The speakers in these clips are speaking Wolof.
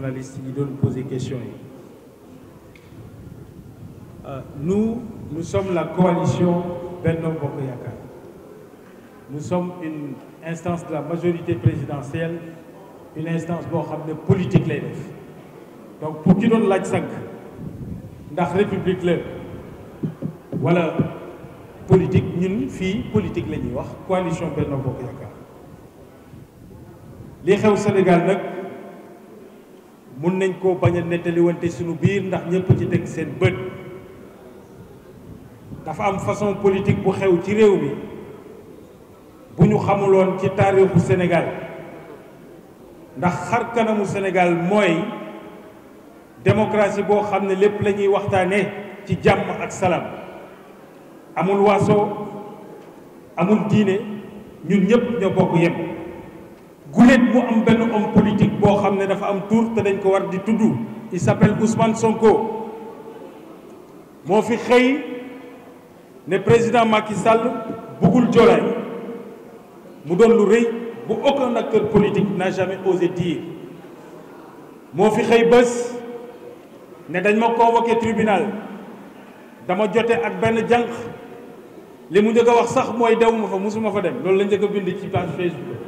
nous poser question euh, nous nous sommes la coalition Benno Bokoyaka. nous sommes une instance de la majorité présidentielle une instance de politique donc pour ki nous l'a dans la république la Voilà, politique ñun une politique la coalition Benno Bokk Les gens au Sénégal mun nañ koo bañ a nettaliwante suñu biir ndax ñëpp ci teg seen bët dafa am façon politique bu xew ci réew mi bu ñu xamuloon ci taarixu senegal ndax xar kanamu senegal mooy démocratie boo xam ne lépp lañuy ñuy waxtaane ci jàmm ak salaam amul waaso amul diine ñun ñëpp ñoo bokk yem bu am ben homme politique bo xam dafa am tour te dañ ko war di tudd il s'appelle Ousmane Sonko mo fi xey ne président Macky Sall bugul Diomaye mu don lu reuy bu aucun acteur politique n'a jamais osé dire mo fi xey bés ne dañ ma convoqué tribunal dama jote ak ben jank li mu njëkk wax sax moy dewuma fa musuma fa dem loolu lañu njëkk bind ci page Facebook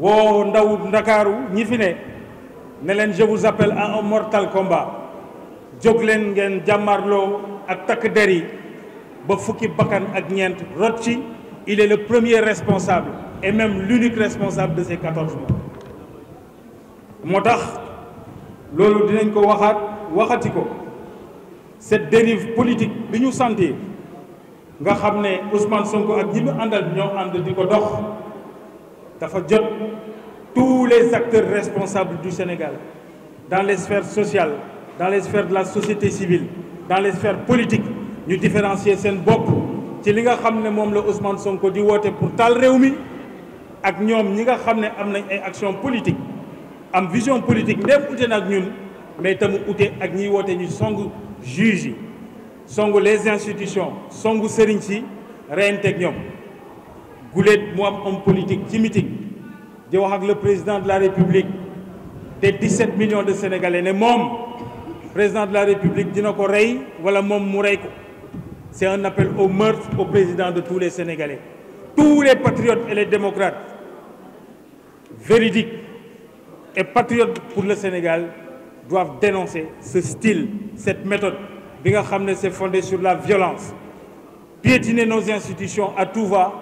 je vous appelle à un mortal combat Joglen ngeen il est le premier responsable et même l'unique responsable de ces 14 mois motax lolu dinañ ko cette dérive politique bi sentir nga xamné Ousmane Sonko ak faut que tous les acteurs responsables du Sénégal dans les sphères sociales dans les sphères de la société civile dans les sphères politiques nous différencier sen bopp ci li nga xamné ne la Ousmane Sonko di woté pour tal réwmi ak ñom ñi nga xamné am nañ ay action politique am vision politique ndéem outé nak ñun mais tamu outé ak ñi woté ñu song juge song les institutions song ci si ak ñom vous êtes am homme politique timidique meeting di le président de la république des 17 millions de sénégalais les mom, président de la république dina ko voilà wala c'est un appel au meurtre au président de tous les sénégalais tous les patriotes et les démocrates véridiques et patriotes pour le Sénégal doivent dénoncer ce style cette méthode bi nga c'est fondé sur la violence piétiner nos institutions à tout va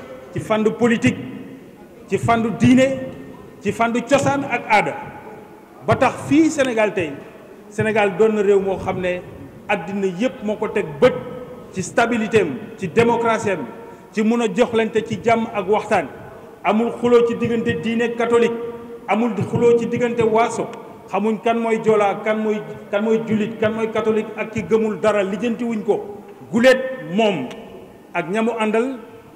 ci fàndu politique ci fàndu diine ci fàndu cosaan ak aada ba tax fii Sénégal tey Sénégal doon na réew moo xam ne àddina yépp moo ko teg bët ci stabilité ci démocratie am ci mun a joxlante ci jàmm ak waxtaan amul xuloo ci diggante diine katolik amul xuloo ci diggante waaso xamuñ kan mooy joolaa kan mooy kan mooy jullit kan mooy katolik ak ci gëmul dara lijjantiwuñ ko guléet moom ak ñamu àndal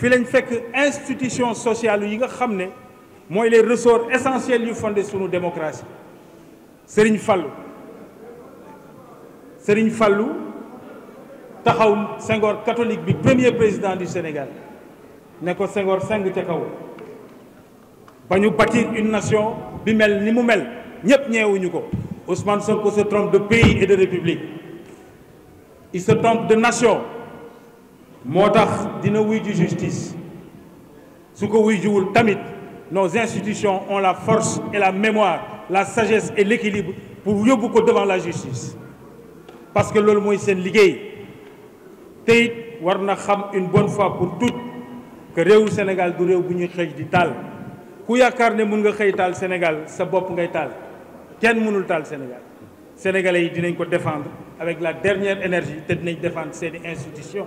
Il lañ fekk institution sociale yi nga les ressorts essentiels yu fondé C'est démocratie C'est Fallou Serigne Fallou taxaw Senghor catholique le premier président du Sénégal qui Senghor C'est nous qui bâtir une nation ni Ousmane Sonko se trompe de pays et de république il se trompe de nation motax dina wuyju justice ce que tamit nos institutions ont la force et la mémoire la sagesse et l'équilibre pour yobou ko devant la justice parce que le que sen lié. te warna xam une bonne fois pour toutes que le Sénégal du rew buñu ñuy Si di tal ku yakarne ne nga Sénégal sa bop ngay tal kenn mënul tal Sénégal sénégalais dinañ ko défendre avec la dernière énergie te dinañ défendre ces institutions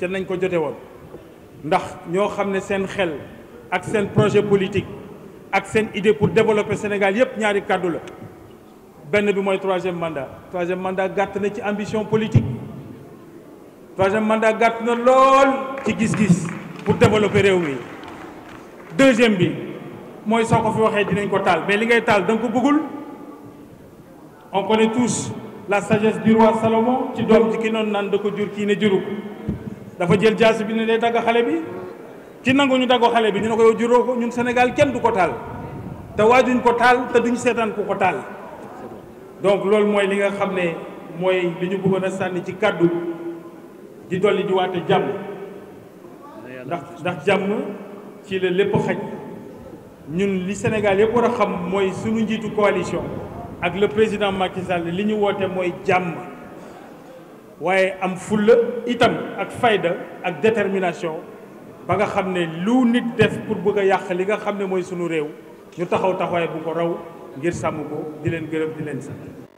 ca nañ ko jote won ndax ño xamné sen xel ak sen projet politique ak sen idée pour développer Sénégal yépp ñaari kàddu la benn bi moy 3 troisième mandat 3 troisième mandat gatt na ci ambition politique 3 troisième mandat gatt na lol ci gis-gis pour développer réew mi deuxième bi moy soko fi waxé dinañ ko tal mais li ngay tal dang ko bëggul on connaît tous la sagesse du roi Salomon ci doom ji ki noonu naan da ko jur kii ne juru dafa jël jaasi bi ne day dagg xale bi ci nangu ñu daggo xale bi ñu ne ko yow juróo ko ñun Sénégal kenn du ko taal te waajuñ ko taal te duñ seetaan ku ko taal donc loolu mooy li nga xam ne mooy li ñu bëggoon a sànni ci kàddu di dolli di waate jàmm ndax ndax jàmm ci la lépp xaj ñun li Sénégal yépp war a xam mooy suñu njiitu coalition ak le président Macky Sall li ñu woote mooy jàmm waaye am fulla itam ak fayda ak détermination ba nga xam ne lu nit def pour bëgg a yàq li nga xam ne mooy sunu réew ñu taxaw taxawaay bu ko raw ngir sàmm ko di leen gërëb di leen sant